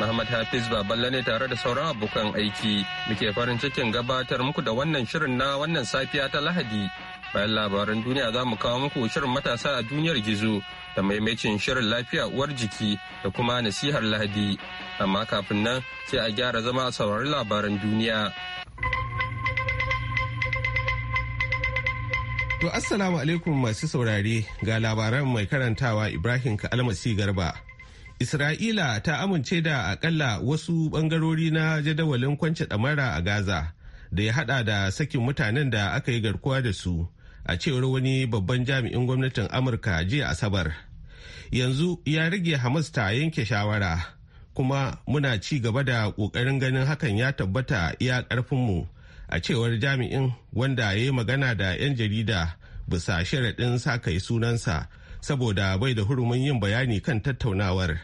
Muhammad Hafiz Baballe ne tare da sauran abokan aiki muke farin cikin gabatar muku da wannan shirin na wannan safiya ta Lahadi. Bayan labaran duniya za mu kawo muku shirin matasa a duniyar gizo da maimacin shirin lafiya uwar jiki da kuma nasihar Lahadi. Amma kafin nan sai a gyara zama a saurari labaran duniya. To Assalamu alaikum masu saurare ga labaran mai karantawa Ibrahim Ka'almasi Garba. Isra'ila ta amince da akalla wasu bangarori na jadawalin kwance ɗamara a Gaza da ya hada da sakin mutanen da aka yi garkuwa da su a cewar wani babban jami'in gwamnatin Amurka jiya Asabar. Yanzu ya rage Hamas ta yanke shawara kuma muna ci gaba da ƙoƙarin ganin hakan ya tabbata iya ƙarfinmu a cewar jami'in wanda ya yi magana da 'yan jarida bisa sharaɗin sa kai sunansa saboda bai da hurumin yin bayani kan tattaunawar.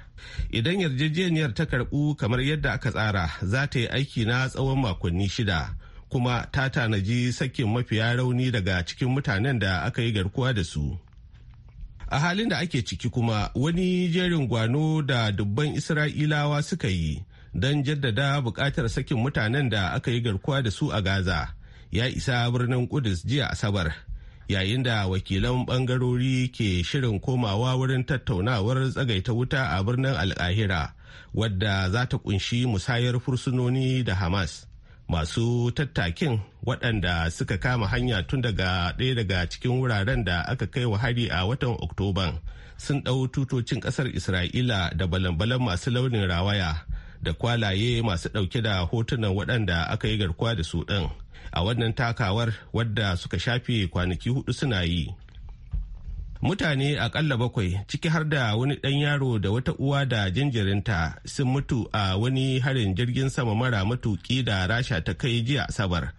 Idan yarjejeniyar ta karɓu kamar yadda aka tsara za ta yi aiki na tsawon makonni shida kuma ta tanaji sakin mafiya rauni daga cikin mutanen da aka yi garkuwa da su. A halin da ake ciki kuma wani jerin gwano da dubban Isra'ilawa suka yi don jaddada buƙatar sakin mutanen da aka yi garkuwa da su a Gaza ya isa birnin Kudus jiya Asabar. yayin da wakilan bangarori ke shirin komawa wurin tattaunawar tsagaita wuta a birnin alkahira wadda za ta kunshi musayar fursunoni da hamas masu tattakin waɗanda suka kama hanya tun daga ɗaya daga cikin wuraren da aka kai wa hari a watan oktoban sun ɗau tutocin ƙasar isra'ila da balan-balan masu launin rawaya da kwalaye masu ɗauke da hotunan waɗanda aka yi garkuwa da su ɗin. a wannan takawar wadda suka shafe kwanaki hudu suna yi mutane akalla bakwai ciki har da wani ɗan yaro da wata uwa da jinjirinta sun mutu a wani harin jirgin sama mara matuki da rasha ta kai jiya asabar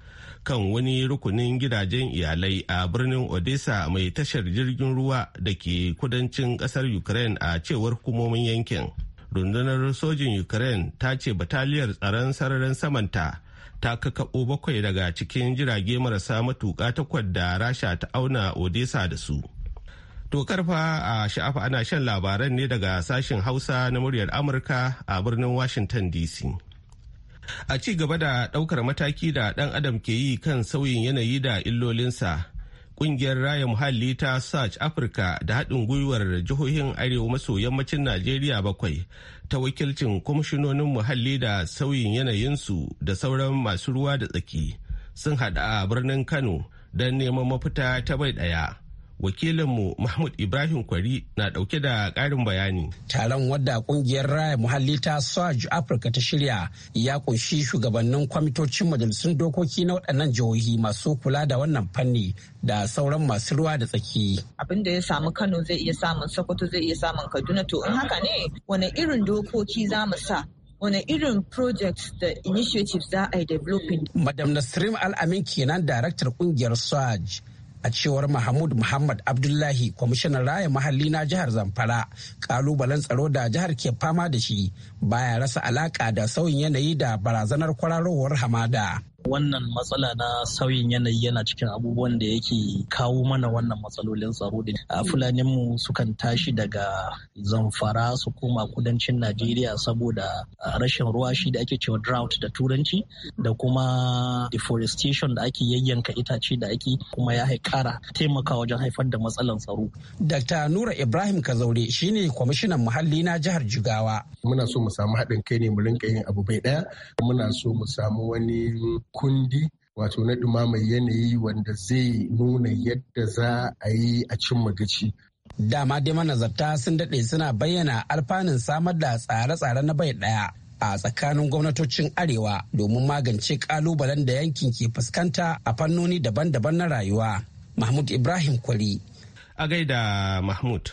kan wani rukunin gidajen iyalai a birnin odessa mai tashar jirgin ruwa da ke kudancin ƙasar ukraine a cewar hukumomin yankin rundunar sojin ukraine ta ce bataliyar tsaron sararin samanta ta kakaɓo bakwai daga cikin jirage marasa matuƙa takwas da rasha ta auna odessa da su to karfa a sha'afa ana shan labaran ne daga sashen hausa na muryar amurka a birnin washington dc a ci gaba da ɗaukar mataki da ɗan adam ke yi kan sauyin yanayi da illolinsa kungiyar raya muhalli ta search africa da haɗin gwiwar jihohin arewa maso yammacin najeriya bakwai ta wakilcin kwamishinonin muhalli da sauyin yanayinsu da sauran masu ruwa da tsaki sun haɗa a birnin kano don neman mafita ta bai ɗaya wakilinmu mahmud ibrahim kwari na dauke da karin bayani taron wadda kungiyar raya muhalli ta swaj afirka ta shirya ya kunshi shugabannin kwamitocin majalisun dokoki na waɗannan jihohi masu kula da wannan fanni da sauran masu ruwa da tsaki abin da ya samu kano zai iya samun sokoto zai iya samun kaduna to in haka ne wani irin dokoki za mu sa wane irin projects da initiatives za a yi developing. Madam Nasrim Al-Amin kenan daraktar kungiyar SWAJ a cewar mahmud muhammad abdullahi kwamishinan raya mahalli na jihar zamfara kalubalen tsaro da jihar ke fama da shi baya rasa alaka da sauyin yanayi da barazanar kwararowar hamada Wannan matsala na sauyin yanayi yana cikin abubuwan da yake kawo mana wannan matsalolin tsaro da a hmm. fulaninmu sukan tashi daga zamfara su koma kudancin Najeriya saboda rashin ruwa shi da ake cewa drought da turanci da kuma deforestation da ake yayyanka itace da ake kuma ya haikara taimaka wajen haifar da matsalan tsaro. Dr. Nura Ibrahim Kazaure shine kwamishinan muhalli na jihar Jigawa. Muna so mu samu haɗin kai ne mu rinka yin abu bai ɗaya muna so mu samu wani kundi wato na ɗumamar yanayi wanda zai nuna yadda za a yi a cin magaci Dama dai manazarta sun daɗe suna bayyana alfanun samar da tsare-tsare na bai ɗaya a tsakanin gwamnatocin arewa domin magance ƙalubalen da yankin ke fuskanta a fannoni daban-daban na rayuwa. Mahmud Ibrahim Kwari. A gaida Mahmud.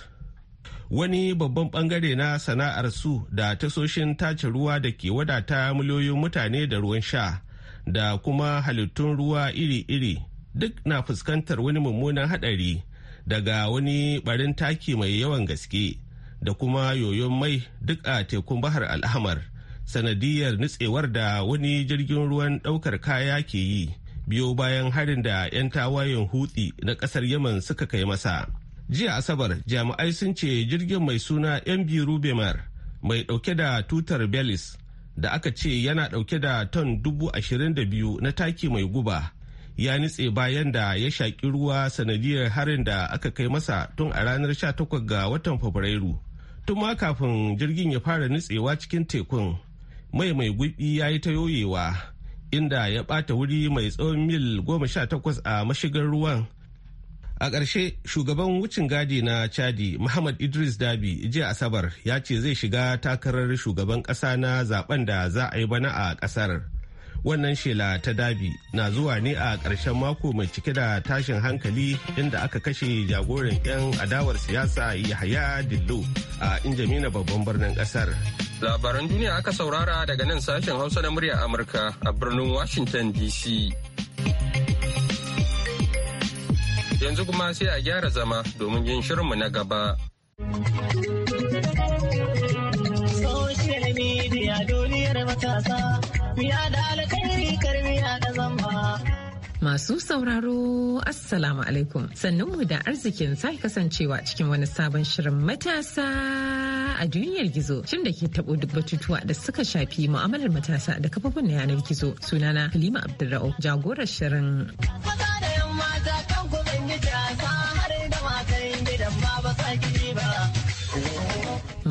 Wani babban bangare na sana'ar su da tasoshin tace ruwa da ke wadata miliyoyin mutane da ruwan sha. da kuma halittun ruwa iri-iri duk na fuskantar wani mummunan haɗari daga wani barin taki mai yawan gaske da kuma yoyon mai duk a tekun bahar alhamar sanadiyar nutsewar da wani jirgin ruwan ɗaukar kaya ke yi biyo bayan harin da 'yan tawayen hutsi na ƙasar yaman suka kai masa jiya asabar jami'ai sun ce jirgin mai suna mb rubemar mai ɗauke da tutar belis da aka ce yana ɗauke da ton dubu ashirin da biyu na taki mai guba ya nitse bayan da ya shaki ruwa sanadiyar harin da aka kai masa tun a ranar sha 18 ga watan fabrairu tun ma kafin jirgin ya fara nitsewa cikin tekun mai mai gubi ya yi ta yoyewa inda ya bata wuri mai tsawon mil goma sha takwas a mashigar ruwan A ƙarshe shugaban wucin gadi na Chadi Muhammad Idris Dabi jiya Asabar ya ce zai shiga takarar shugaban ƙasa na zaben da za a yi bana a ƙasar. Wannan shela ta Dabi na zuwa ne a ƙarshen mako mai cike da tashin hankali inda aka kashe jagoran 'yan adawar siyasa Yahaya Dillo a Injamina babban birnin ƙasar. Labaran duniya aka saurara daga nan sashen Hausa na murya Amurka a birnin Washington DC. Yanzu kuma sai a gyara zama domin yin shirinmu na gaba. Masu sauraro Assalamu alaikum sannan mu da arzikin sai kasancewa cikin wani sabon shirin matasa a duniyar gizo shin da ke tabo duk batutuwa da suka shafi mu'amalar matasa da kafofin yanar gizo sunana Halima Abdulra'u jagorar shirin. Maza da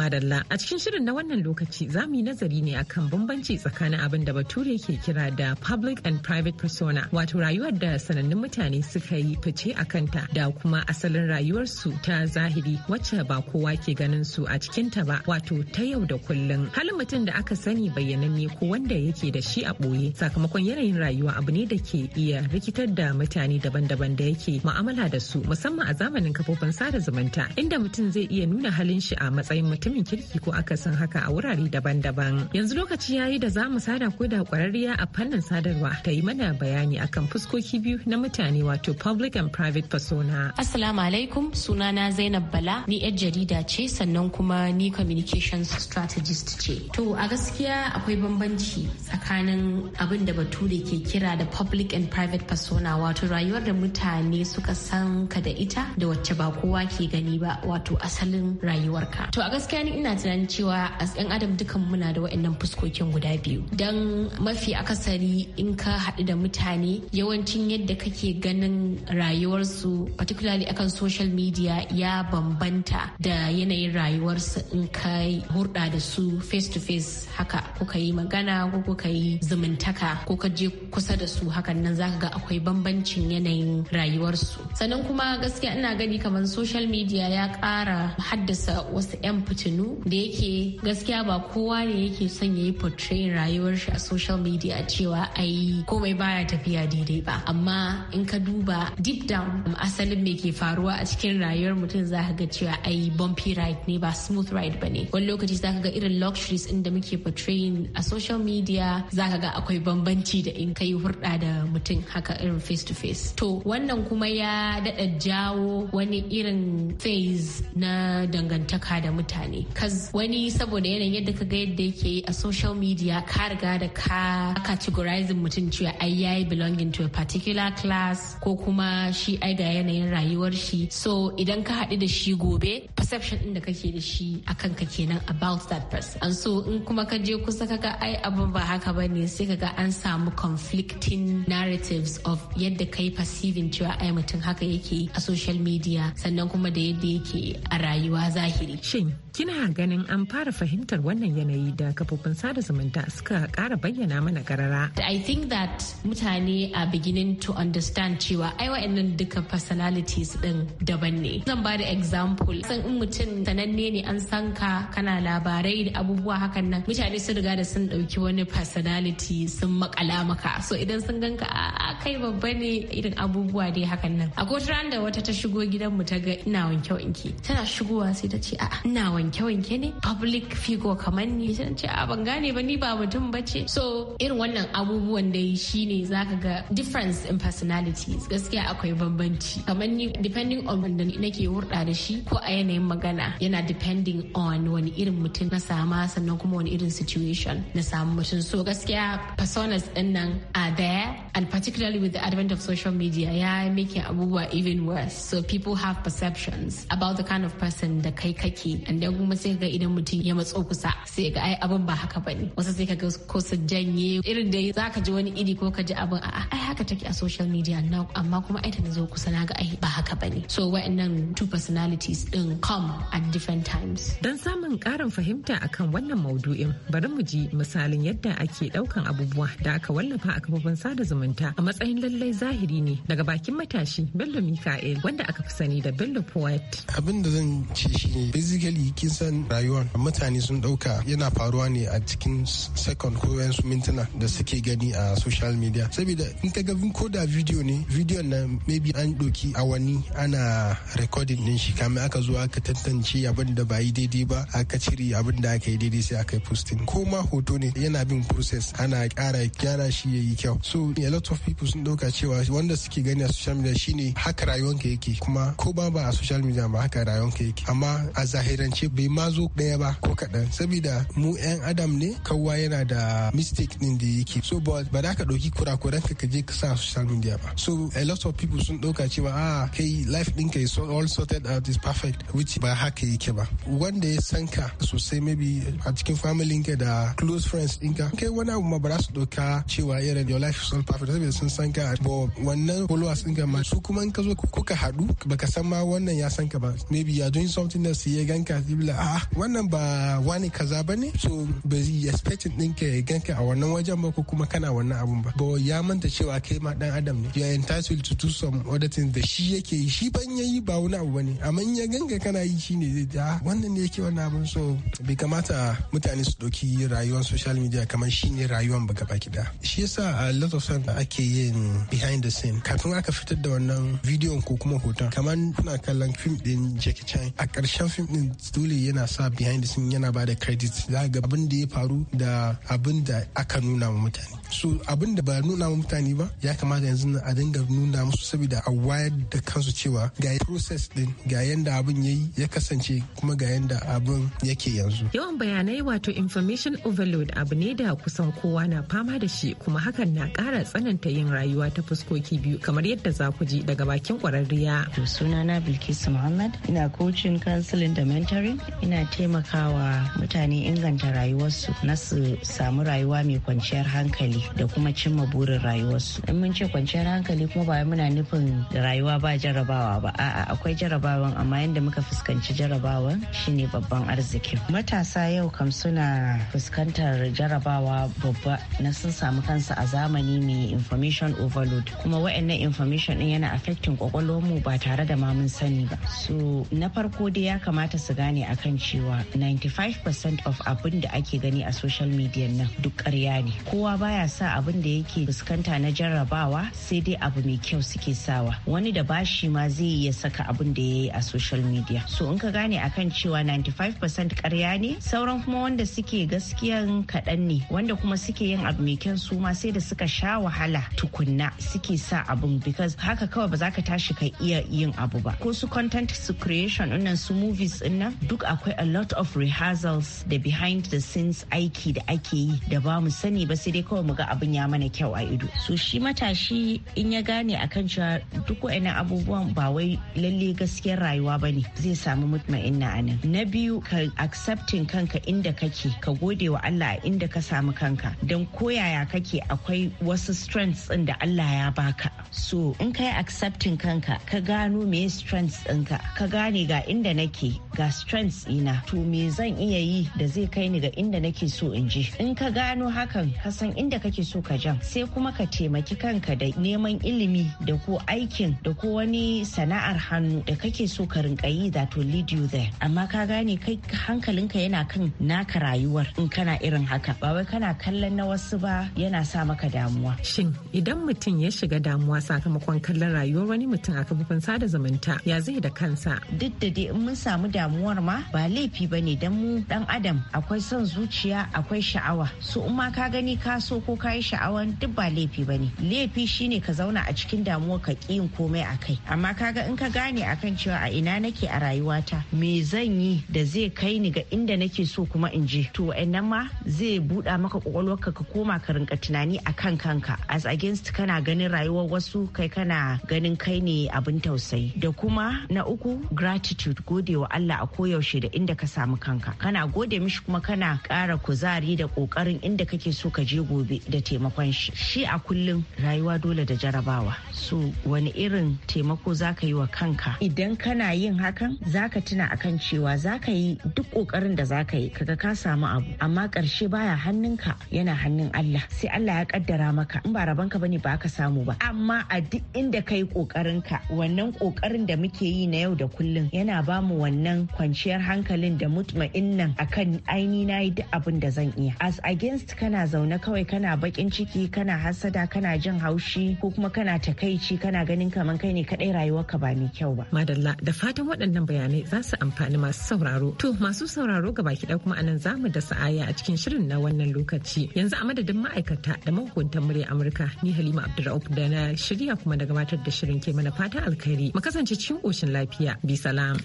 Madalla a cikin shirin na wannan lokaci za mu yi nazari ne akan bambanci tsakanin abin da bature ke kira da public and private persona wato rayuwar da sanannun mutane suka yi fice a kanta da kuma asalin rayuwarsu ta zahiri wacce ba kowa ke ganin su a cikin ta ba wato ta yau da kullum halin mutum da aka sani bayyananne ko wanda yake da shi a ɓoye sakamakon yanayin rayuwa abu ne da ke iya rikitar da mutane daban-daban da yake mu'amala da su musamman a zamanin kafofin sada zumunta inda mutum zai iya nuna halin shi a matsayin mutum mutumin kirki ko akasin haka a wurare daban-daban. Yanzu lokaci ya yi da za mu sada ko da kwararriya a fannin sadarwa ta yi mana bayani akan fuskoki biyu na mutane wato public and private persona. Assalamu alaikum sunana Zainab Bala ni yar jarida ce sannan kuma ni communication strategist ce. To a gaskiya akwai bambanci tsakanin abin da bature ke kira da public and private persona wato rayuwar da mutane suka san ka da ita da wacce ba kowa ke gani ba wato asalin rayuwarka. To a gaskiya ni ina tunanin cewa a yan adam dukan muna da wa'annan fuskokin guda biyu dan mafi akasari in ka haɗu da mutane yawancin yadda kake ganin rayuwarsu particularly akan social media ya bambanta da yanayin rayuwarsu in ka hurɗa da su face to face haka ko ka yi magana ko ko ka yi zumuntaka ko ka je kusa da su hakan nan zaka ga akwai bambancin yanayin rayuwarsu sannan kuma gaskiya ina gani kamar social media ya ƙara haddasa wasu 'yan fitin fitintinu da yake gaskiya ba kowa ne yake son ya yi portrayin rayuwar shi a social media cewa ai komai baya tafiya daidai ba amma in ka duba deep down asalin me ke faruwa a cikin rayuwar mutum za ka ga cewa ai bumpy ride ne ba smooth ride ba ne wani lokaci za ka ga irin luxuries inda muke portraying a social media za ka ga akwai bambanci da in kai hurɗa da mutum haka irin face to face to wannan kuma ya daɗa jawo wani irin phase na dangantaka da mutane Kaz wani saboda yanayin yadda ka ga yadda yake a social media ka riga da ka categorizing mutum cewa ai yayi belonging to a particular class ko kuma shi ai ga yanayin rayuwar shi so idan ka haɗu da shi gobe perception din da kake da shi akan ka kenan about that person and so in kuma ka je kusa kaga ai abin ba haka ba ne sai ka ga an samu conflicting narratives of yadda kai perceiving cewa ai mutum haka yake a social media sannan kuma da yadda yake a rayuwa zahiri shin kina ganin an fara fahimtar wannan yanayi da kafofin sada zumunta suka kara bayyana mana karara. I think that mutane are beginning to understand cewa ai wa'annan duka personalities din daban ne. Zan ba da example san in mutum sananne ne an san ka kana labarai da abubuwa hakan nan mutane sun riga da sun dauki wani personality sun makala maka so idan sun ganka a kai babba ne irin abubuwa dai hakan nan. A wata da wata ta shigo gidan mu ta ga ina wanke wanke tana shigowa sai ta ce a'a ina wanke wanke-wanke ne public figure kamar ni ce a ah, ban gane ba ni ba mutum so irin wannan abubuwan dai shine zaka ga difference in personalities gaskiya akwai bambanci kamar ni depending on wanda nake hurɗa da shi ko a yanayin magana yana depending on wani irin mutum na sama sannan kuma wani irin situation na samu mutum so gaskiya personas din nan there and particularly with the advent of social media ya make abubuwa even worse so people have perceptions about the kind of person da kai kake and then sannan kuma sai ga idan mutum ya matso kusa sai ga ai abin ba haka bane wasu sai ka ga ko su janye irin da zaka ji wani iri ko ka ji abin a'a ai haka take a social media na amma kuma ai ta zo kusa na ga ai ba haka bane so wa'annan two personalities din come at different times dan samun karin fahimta akan wannan maudu'in bari mu ji misalin yadda ake daukan abubuwa da aka wallafa a kafofin sada zumunta a matsayin lallai zahiri ne daga bakin matashi Bello Mikael wanda aka fi sani da Bello Poet abin da zan ce ne basically kin san rayuwar mutane sun dauka yana faruwa ne a cikin second ko yansu mintuna da suke gani a social media saboda in ka ga ko da video ne video na maybe an doki awanni ana recording din shi kamin aka zo aka tantance abin da ba yi daidai ba aka cire abin da aka yi daidai sai aka yi posting ko ma hoto ne yana bin process ana kara gyara shi yayi kyau so a lot of people sun dauka cewa wanda suke gani a social media shine haka rayuwanka yake kuma ko ba ba a social media ba haka rayuwanka yake amma a zahirance bai ma zo ɗaya ba ko kaɗan saboda mu 'yan adam ne kawwa yana da mistake ɗin da yake so ba za ka ɗauki kurakuran ka ka je ka sa social media ba so a lot of people sun ɗauka cewa a ah, kai life ɗinka is all sorted out is perfect which ba haka yake ba wanda ya san ka sosai maybe a cikin family ka da close friends ɗinka kai wani abu ma ba za su ɗauka cewa irin your life is all perfect saboda sun san ka bo wannan followers ɗinka ma su kuma in ka zo kuka haɗu baka san ma wannan ya san ka ba maybe you are doing something else ya ganka a ah, wannan ba wani kaza ba ne so ba yi expecting din ka ganka a wannan wajen ba ko kuma kana wannan abun ba ba ya manta cewa kai ma dan adam ne ya are entitled to do some other da shi yake yi shi ban yayi ba wani abu bane amma in ya ganka kana yi ne zai ja ah, wannan ne yake wannan abun so bai kamata mutane su doki rayuwar social media kamar shi ne rayuwar ba gaba kida shi yasa a lot of time ake yin behind the scene kafin aka fitar da wannan bidiyon ko kuma hoton kamar kuna kallon fim din Jackie Chan a ƙarshen fim din dole yana sa behind the scene yana bada credit za ga abin da ya faru da abin da aka nuna wa mutane so abin da ba nuna wa mutane ba ya kamata yanzu a dinga nuna musu saboda a wayar da kansu cewa ga process din ga yanda abin yayi ya kasance kuma ga yanda abin yake yanzu yawan bayanai wato information overload abu ne da kusan kowa na fama da shi kuma hakan na kara tsananta yin rayuwa ta fuskoki biyu kamar yadda za ku ji daga bakin kwararriya sunana bilkisu muhammad ina coaching counseling da mentoring ina taimakawa mutane inganta rayuwarsu na su samu rayuwa mai kwanciyar hankali da kuma cimma burin rayuwarsu in mun ce kwanciyar hankali kuma ba muna nufin rayuwa ba jarabawa ba a'a akwai jarabawan amma yadda muka fuskanci jarabawan shine babban arzikin matasa yau kam suna fuskantar jarabawa babba na sun samu kansu a zamani mai information overload kuma wa'annan information din yana affecting mu ba tare da ma mun sani ba so na farko dai ya kamata su gane akan cewa 95% of abin da ake gani a social media na duk ƙarya ne kowa baya sa abin da yake fuskanta na jarrabawa sai dai abu mai kyau suke sawa wani da bashi ma zai iya saka abin da ya yi a social media so in ka gane akan cewa 95% ƙarya ne sauran kuma wanda suke gaskiyan kaɗan ne wanda kuma suke yin abu mai kyau su ma sai da suka sha wahala tukunna suke sa abin because haka kawai ba za ka tashi ka iya yin abu ba ko su content su creation ɗinnan su movies ɗinnan duk akwai a lot of rehearsals da behind the scenes aiki da ake yi da ba mu sani ba sai dai kawai mu ga abin ya mana kyau a ido so shi matashi in ya gane akan cewa duk wa'annan abubuwan ba wai lalle gaskiyar rayuwa ba ne zai samu mutma'inna a nan na biyu ka accepting kanka inda kake ka gode wa Allah a inda ka samu kanka don koyaya kake akwai wasu strengths ɗin da Allah ya baka so in kai accepting kanka ka gano me strengths ɗinka ka gane ga inda nake ga strengths plans ina to me zan iya yi da zai kai ni ga inda nake so in je in ka gano hakan ka san inda kake so ka jan sai kuma ka taimaki kanka da neman ilimi da ko aikin da ko wani sana'ar hannu da kake so ka rinka yi that will lead you there amma ka gane kai hankalinka yana kan naka rayuwar in kana irin haka ba wai kana kallon na wasu ba yana sa maka damuwa shin idan mutum ya shiga damuwa sakamakon kallon rayuwar wani mutum a kafafen sada zumunta ya zai da kansa duk da dai in mun samu damuwar ma ba laifi ba ne don mu dan adam akwai son zuciya akwai sha'awa su umma ka gani ka so ko ka yi sha'awan duk ba laifi ba ne laifi shine ka zauna a cikin damuwa ka ƙi yin komai a kai amma kaga in ka gane akan cewa a ina nake a rayuwata me zan yi da zai kai ni ga inda nake so kuma in je to wa'annan ma zai buɗa maka kwakwalwarka ka koma ka rinka tunani a kan kanka as against kana ganin rayuwar wasu kai kana ganin kai ne abin tausayi da kuma na uku gratitude godewa Allah a koyaushe yaushe da inda ka samu kanka kana gode mishi kuma kana ƙara kuzari da ƙoƙarin inda kake so ka je gobe da taimakon shi shi a kullum rayuwa dole da jarabawa so wani irin taimako zaka yi wa kanka idan kana yin hakan zaka ka tuna akan cewa zaka yi duk ƙoƙarin da zaka yi kaga ka samu abu amma ƙarshe baya hannunka yana hannun Allah sai Allah ya kaddara maka in ba rabanka bane ba ka samu ba amma a duk inda kai ka wannan ƙoƙarin da muke yi na yau da kullum yana bamu wannan kwanciyar kwanciyar hankalin da mutma'innan akan aini na yi duk abin da zan iya as against kana zaune kawai kana bakin ciki kana hasada kana jin haushi ko kuma kana takaici kana ganin kaman kai ne kadai rayuwarka ba mai kyau ba madalla da fatan waɗannan bayanai za su amfani masu sauraro to masu sauraro gaba baki kuma anan zamu mu da sa'aya a cikin shirin na wannan lokaci yanzu a madadin ma'aikata da mahukuntan murya amurka ni halima abdurrauf da na shirya kuma da gabatar da shirin ke mana fatan alkhairi mu kasance cikin koshin lafiya bi salam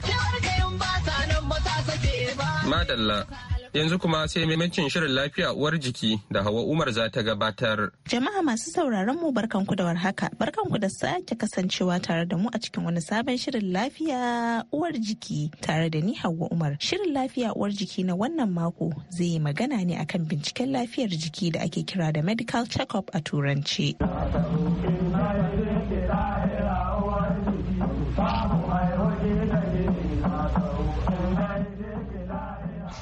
Madalla yanzu kuma sai maimacin shirin lafiya uwar jiki da hawa umar za ta gabatar. Jama'a masu sauraron mu barkanku da warhaka barkanku da sake kasancewa tare da mu a cikin wani sabon shirin lafiya uwar jiki tare da ni Hauwa umar. Shirin lafiya uwar jiki na wannan mako zai yi magana ne akan binciken lafiyar jiki da ake kira da medical check-up a turance.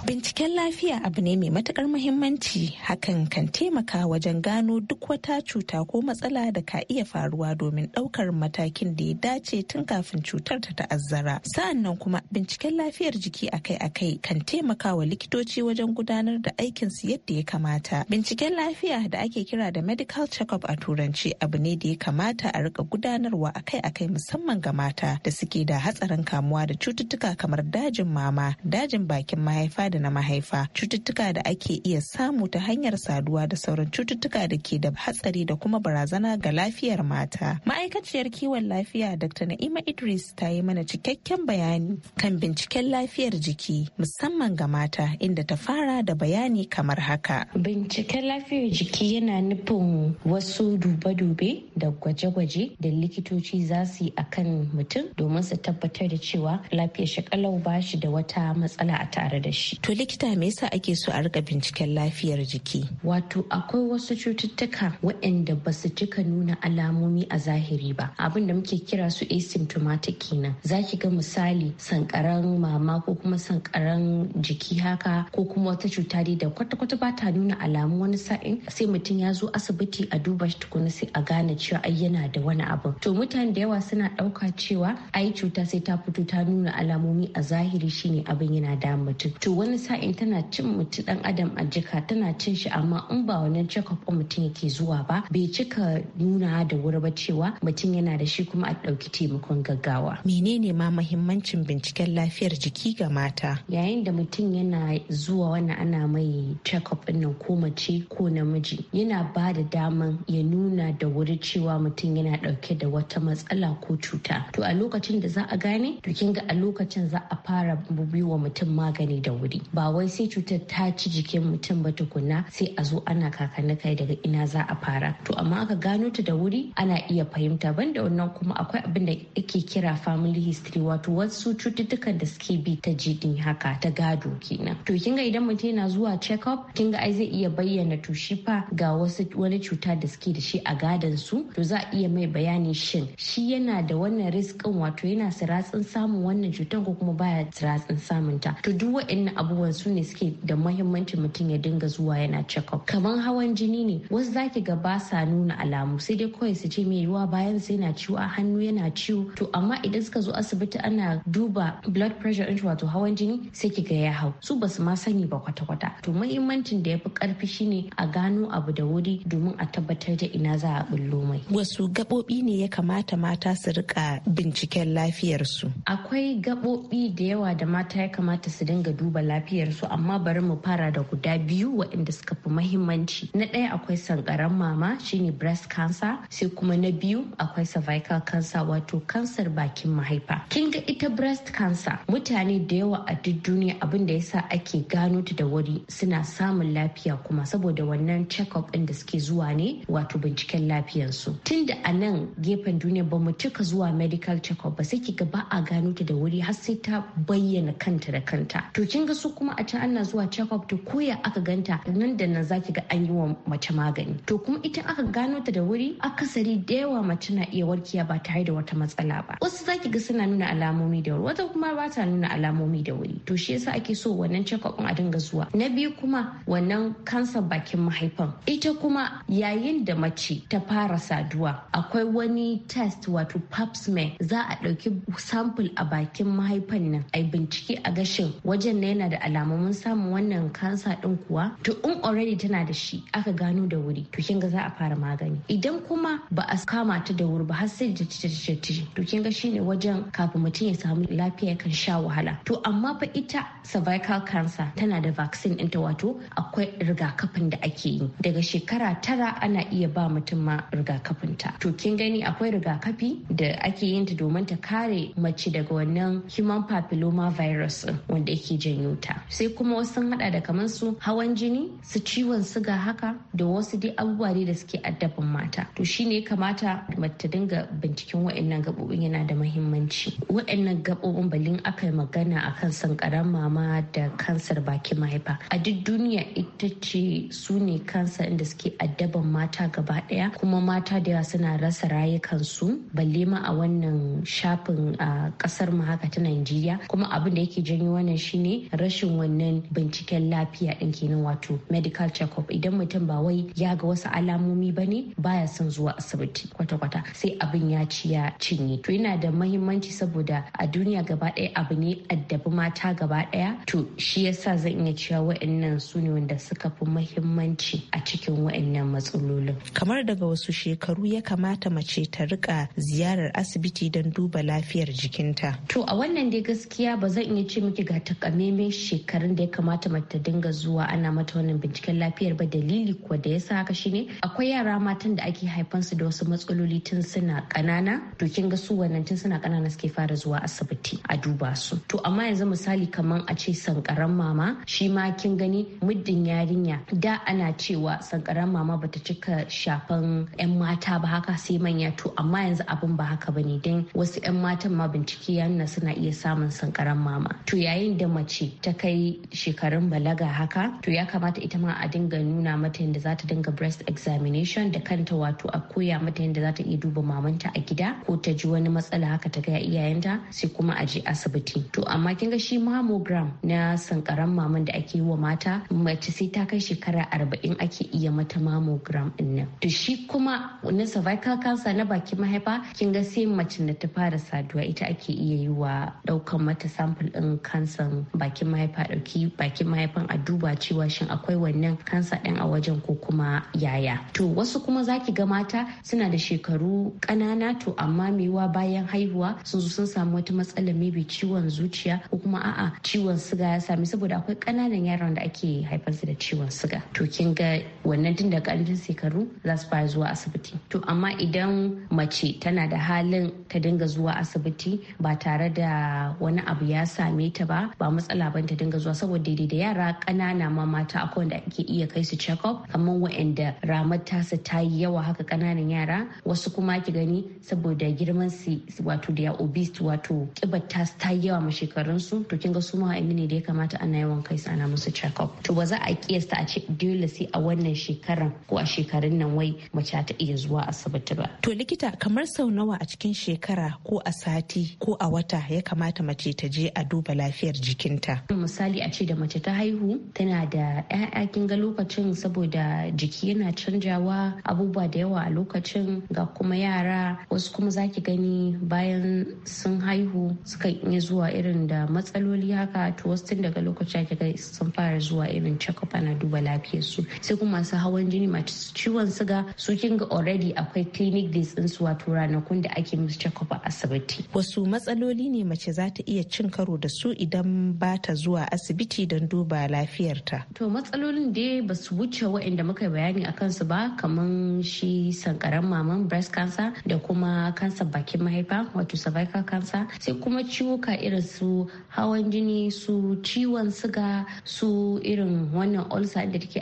Binciken lafiya abu ne mai matukar muhimmanci hakan kan taimaka wajen gano duk wata cuta ko matsala da ka iya faruwa domin ɗaukar matakin da ya dace tun kafin cutar ta ta'azzara. Sa'annan kuma binciken lafiyar jiki akai-akai kan taimaka wa likitoci wajen gudanar da aikinsu yadda ya kamata. Binciken lafiya da ake kira da medical check a turanci abu ne da ya kamata a rika gudanarwa akai-akai musamman ga mata da suke da hatsarin kamuwa da cututtuka kamar dajin mama, dajin bakin mahaifa da da na mahaifa cututtuka da ake iya samu ta hanyar saduwa da sauran cututtuka da ke da hatsari da kuma barazana ga lafiyar mata ma'aikaciyar kiwon lafiya dr na'ima idris ta yi mana cikakken bayani kan binciken lafiyar jiki musamman ga mata inda ta fara da bayani kamar haka binciken lafiyar jiki yana nufin wasu dube-dube da gwaje-gwaje da likitoci za su yi a kan mutum domin su tabbatar da cewa lafiyar shi kalau ba shi da wata matsala a tare da shi To likita me yasa ake so a rika binciken lafiyar jiki? Wato akwai wasu cututtuka waɗanda ba su cika nuna alamomi a zahiri ba. Abin da muke kira su asymptomatic kenan. zaki ga misali sankaran mama ko kuma sankaran jiki haka ko kuma wata cuta da kwata-kwata ba ta nuna alamu wani sa'in sai mutum ya zo asibiti a duba shi tukuna sai a gane cewa ai yana da wani abu. To mutane da yawa suna ɗauka cewa ai cuta sai ta fito ta nuna alamomi a zahiri shine abin yana da mutum. To wani wani sa'in tana cin mutum dan adam a jika tana cin shi amma in ba wannan check up mutum yake zuwa ba bai cika nuna da wuri ba cewa mutum yana da shi kuma a ɗauki taimakon gaggawa. Menene ma mahimmancin binciken lafiyar jiki ga mata? Yayin da mutum yana zuwa wannan ana mai check up ko mace ko namiji yana ba da daman ya nuna da wuri cewa mutum yana dauke da wata matsala ko cuta. To a lokacin da za a gane to kin ga a lokacin za a fara biwa mutum magani da wuri. ba wai sai cutar ta ci jikin mutum ba tukunna sai a zo ana kakanni kai daga ina za a fara to amma aka gano ta da wuri ana iya fahimta ban da wannan kuma akwai abin da ake kira family history wato wasu cututtukan da suke bi ta jini haka ta gado kenan to kin ga idan mutum yana zuwa check up kin ga ai zai iya bayyana to shi fa ga wasu wani cuta da suke da shi a gadon su to za a iya mai bayani shin shi yana da wannan riskin wato yana siratsin samun wannan cutar ko kuma baya siratsin samun ta to duk waɗannan abu. abubuwan su ne suke da mahimmanci mutum ya dinga zuwa yana check-up kamar hawan jini ne wasu zaki ga ba sa nuna alamu sai dai kawai su ce mai yiwuwa bayan sai na ciwo a hannu yana ciwo to amma idan suka zo asibiti ana duba blood pressure ɗin wato hawan jini sai ki ga ya hau su ba su ma sani ba kwata-kwata to mahimmancin da ya fi ƙarfi shine a gano abu da wuri domin a tabbatar da ina za a bullo mai wasu gaɓoɓi ne ya kamata mata su rika binciken lafiyarsu akwai gaɓoɓi da yawa da mata ya kamata su dinga duba lafiyarsu lafiyar su amma bari mu fara da guda biyu waɗanda suka fi mahimmanci na ɗaya akwai sankaran mama shine breast cancer sai kuma na biyu akwai cervical cancer wato kansar bakin mahaifa kin ga ita breast cancer mutane da yawa a duk duniya abin da yasa ake gano ta da wuri suna samun lafiya kuma saboda wannan check up ɗin da suke zuwa ne wato binciken lafiyar lafiyarsu tunda a nan gefen duniya ba mu cika zuwa medical check up ba sai ki ga ba a gano ta da wuri har sai ta bayyana kanta da kanta to kin ga su so kuma a can ana zuwa check up to koya aka ganta nan da nan zaki ga an yi wa mace magani to kuma ita aka gano ta da wuri akasari da yawa mace na iya warkiya ba tare da wata matsala ba wasu zaki ga suna nuna alamomi da wuri wata kuma ba ta nuna alamomi da wuri to shi yasa ake so wannan check up a dinga zuwa na biyu kuma wannan kansar bakin mahaifan ita kuma yayin da mace ta fara saduwa akwai wani test wato pap smear za a ɗauki sample a bakin mahaifan nan a bincike a gashin wajen na yana da da alamomin samun wannan kansa din kuwa to in already tana da shi aka gano da wuri to kin ga za a fara magani idan kuma ba a kama ta da wuri ba har sai da tice to kin ga shine wajen kafin mutum ya samu lafiya kan sha wahala to amma fa ita cervical cancer tana da vaccine ta wato akwai rigakafin da ake yi daga shekara tara ana iya ba mutum ma rigakafin ta to kin gani akwai rigakafi da ake yin ta domin ta kare mace daga wannan human papilloma virus wanda yake janyo ta ita sai kuma wasu sun hada da kamar su hawan jini su ciwon suga haka da wasu dai abubuwa da suke addaban mata to shine ya kamata mace dinga binciken wa'annan gabobin yana da muhimmanci wa'annan gabobin balin aka yi magana kan sankaran mama da kansar baki mahaifa a duk duniya ita ce su ne kansa inda suke addaban mata gaba daya kuma mata da yawa suna rasa rayukansu balle ma a wannan shafin a kasar mu haka ta Najeriya kuma abin da yake janyo wannan shine rashin rashin wannan binciken lafiya din kenan wato medical check-up idan mutum ba wai ya ga wasu alamomi ba ne baya son zuwa asibiti kwata-kwata sai abin ya ci ya cinye to yana da mahimmanci saboda a duniya gaba ɗaya abu ne addabi mata gaba ɗaya to shi yasa zan iya cewa wa'annan su ne wanda suka fi mahimmanci a cikin wa'annan matsalolin kamar daga wasu shekaru ya kamata mace ta rika ziyarar asibiti don duba lafiyar jikinta to a wannan dai gaskiya ba zan iya ce miki ga takamaiman shekarun da ya kamata mata ta dinga zuwa ana mata wannan binciken lafiyar ba dalili kuwa da yasa haka shine akwai yara matan da ake haifansu da wasu matsaloli tun suna kanana to kin ga su wannan tun suna kanana suke fara zuwa asibiti a duba su to amma yanzu misali kaman a ce sankaran mama shi ma kin gani muddin yarinya da ana cewa sankaran mama bata cika shafan 'yan mata ba haka sai manya to amma yanzu abin ba haka bane don wasu 'yan matan ma bincike ya suna iya samun sankaran mama to yayin da mace ta kai shekarun balaga haka to ya kamata ita ma a dinga nuna mata yadda za ta dinga breast examination da kanta wato a koya mata yadda za ta iya duba mamanta a gida ko ta ji wani matsala haka ta gaya iyayenta sai kuma a je asibiti to amma kin ga shi mammogram na sankaran maman da ake yi wa mata mace sai ta kai shekara arba'in ake iya mata mammogram din nan to shi kuma na cervical cancer na bakin mahaifa kin ga sai mace da ta fara saduwa ita ake iya yi wa daukan mata sample din kansan bakin mahaifa mahaifa ɗauki bakin mahaifan a duba cewa shin akwai wannan kansa ɗin a wajen ko kuma yaya to wasu kuma zaki ga mata suna da shekaru ƙanana to amma mewa bayan haihuwa sun sun samu wata matsala maybe ciwon zuciya ko kuma a'a ciwon suga ya sami saboda akwai ƙananan yaran da ake haifarsu da ciwon suga. to kin ga wannan tun da ƙarancin shekaru za su fara zuwa asibiti to amma idan mace tana da halin ta dinga zuwa asibiti ba tare da wani abu ya same ta ba ba matsala ba ta dinga zuwa saboda daidai da yara ƙanana ma mata akwai wanda ake iya kai su check up kamar wa'anda ramar tasa ta yi yawa haka ƙananan yara wasu kuma ki gani saboda girman su wato da ya obese wato kibar ta ta yi yawa ma shekarun su to kin ga su ma ne da ya kamata ana yawan kai su ana musu check up to ba za a kiyasta a ce dole sai a wannan shekaran ko a shekarun nan wai mace ta iya zuwa asibiti ba to likita kamar sau nawa a cikin shekara ko a sati ko a wata ya kamata mace ta je a duba lafiyar jikinta misali a ce da mace ta haihu tana da 'ya'ya kin ga lokacin saboda jiki yana canjawa abubuwa da yawa a lokacin ga kuma yara wasu kuma zaki gani bayan sun haihu suka iya zuwa irin da matsaloli haka to wasu tun daga lokacin ga sun fara zuwa irin check-up ana duba su sai kuma masu hawan jini masu ciwon suga su kin ga already akwai clinic days din su wato ranakun da ake musu check-up a asibiti wasu matsaloli ne mace za ta iya cin karo da su idan ba ta zuwa zuwa asibiti don duba lafiyarta. To matsalolin da ba su wuce waɗanda muka bayani a kansu ba kamar shi sankaran maman breast cancer da kuma kansa bakin mahaifa wato cervical cancer sai kuma ciwuka irin su hawan jini su ciwon siga su irin wannan ulcer da take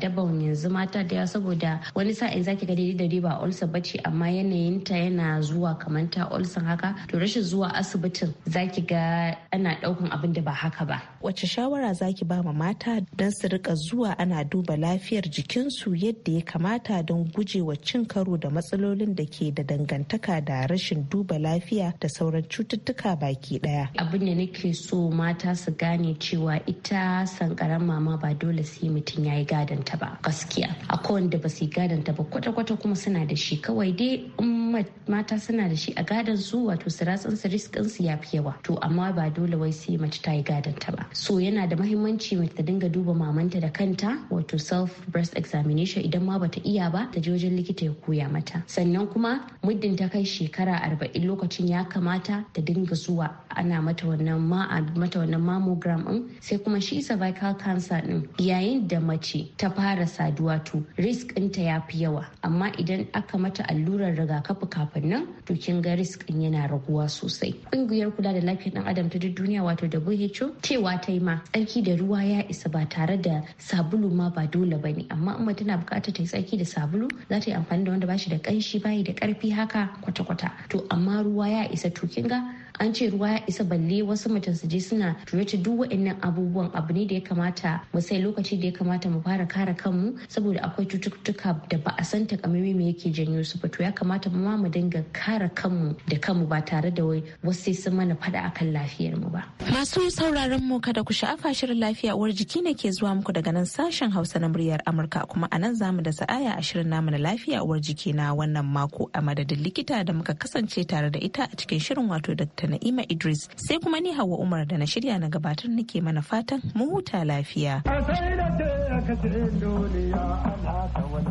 dabam yanzu mata da saboda wani sa'in zaki ga daidai da ba ulcer bace amma yanayinta yana zuwa kamar ta ulcer haka to rashin zuwa asibitin zaki ga ana daukan abin da ba haka ba wace shawara zaki ba ma mata don su rika zuwa ana duba lafiyar jikinsu yadda ya kamata don gujewa cin karo da matsalolin da ke da dangantaka da rashin duba lafiya da sauran cututtuka baki daya abin da nake so mata su gane cewa ita sankaran mama ba dole sai mutum ya yi gadanta ba gaskiya akwai wanda ba su yi gadanta ba kwata-kwata kuma suna da shi kawai dai in mata suna da shi a gadon su wato su ratsan su riskin su ya fi yawa to amma ba dole wai sai mace ta yi gadanta ta ba so yana da mahimmanci mace ta dinga duba mamanta da kanta wato self breast examination idan ma bata iya ba ta je wajen likita ya koya mata sannan kuma muddin ta kai shekara arba'in lokacin ya kamata ta dinga zuwa ana mata wannan ma mata wannan mammogram din sai kuma shi cervical cancer din yayin da mace ta fara saduwa to risk ɗinta ya fi yawa amma idan aka mata allurar rigakafi kafin nan to kin ga risk in yana raguwa sosai ƙungiyar kula da lafiyar ɗan adam ta duk duniya wato WHO ce cewa ta yi ma tsarki da ruwa ya isa ba tare da sabulu ma ba dole ba ne amma in tana bukatar ta yi tsarki da sabulu za ta yi amfani da wanda ba shi da kanshi bayi da karfi haka kwata-kwata to amma ruwa ya isa to kin ga. an ce ruwa ya isa balle wasu mutum su je suna ta duk waɗannan abubuwan abu ne da ya kamata mu sai lokaci da ya kamata mu fara kare kanmu saboda akwai cututtuka da ba a san takamaimai me yake janyo su ba to ya kamata mu ma mu dinga kare kanmu da kanmu ba tare da wai wasu sai sun mana faɗa akan lafiyar mu ba. Masu sauraron mu kada ku sha'afa shirin lafiya uwar jiki ne ke zuwa muku daga nan sashen Hausa na muryar Amurka kuma a nan zamu da sa'aya a shirin namu na lafiya uwar jiki na wannan mako a madadin likita da muka kasance tare da ita a cikin shirin wato da Dr. Na'ima Idris sai kuma ni Hauwa Umar da na shirya na gabatar nake mana fatan mu huta lafiya.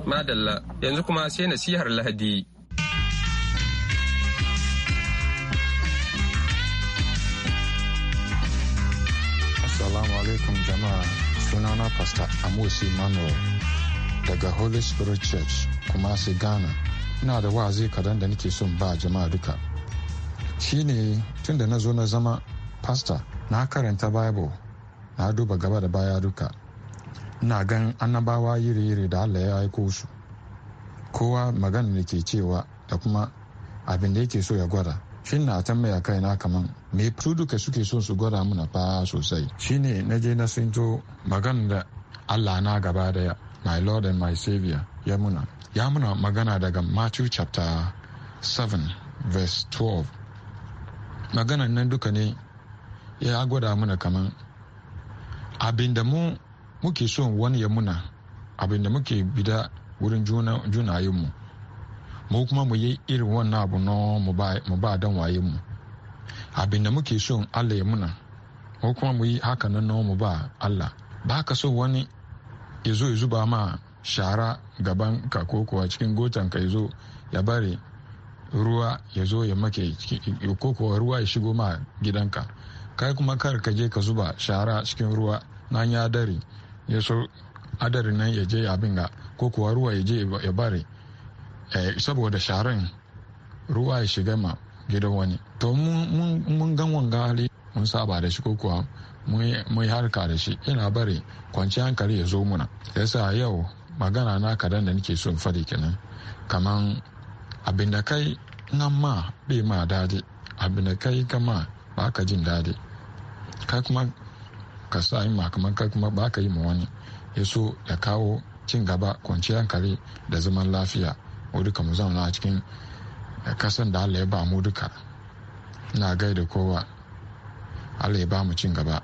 Madalla yanzu kuma sai nasihar Lahadi. Assalamu alaikum jama'a sunana Pastor Amos Emmanuel daga Holy Spirit Church kuma Ghana. Ina da wa'azi kadan da nake son ba jama'a duka. shine tun da na zo na zama pasta na karanta bible na duba gaba da baya duka na gan annabawa iri-iri da allah ya aiko su kowa magana da ke cewa da kuma abin da yake so ya gwada shin na tambaya kai na kaman me duka suke son su gwada muna fa sosai shine na je na sinto magana da allah na gaba daya my lord and my savior ya muna ya muna magana daga matthew chapter 7 verse 12 maganan nan duka ne ya gwada mana kaman abinda mu muke son wani ya muna abinda muke bida wurin junayenmu mu kuma mu yi irin wannan abu na mu ba dan wayenmu abinda muke son allah ya muna mu kuma mu yi haka nan mu ba allah ba ka so wani ya zo ya zuba ma shara gaban ka ko kuwa cikin gotan ka ya zo ya bari ruwa ya zo ya make ko kuwa ruwa ya shigo ma gidanka kai kuma kar ka je ka zuba shara cikin ruwa na ya dare ya so adari nan ya je abin ga ko kuwa ruwa ya je ya bare eh, saboda sharan ruwa ya shiga ma gidan wani to mun gan wanga hali mun saba da shi ko kuwa mun yi harka da shi ina bare kwanci hankali ya zo muna yasa yau magana na kadan da nake son fadi kenan kaman abin da kai nan ma bai ma dadi abin da kai gama ba ka jin dadi kai kuma ka sa yi ma kai kuma ba ka yi ma wani ya so ya kawo cin gaba kwanciyar yankari da zaman lafiya mu duka mu zauna a cikin kasan da allah ya ba mu duka na gaida kowa allah ya ba mu cin gaba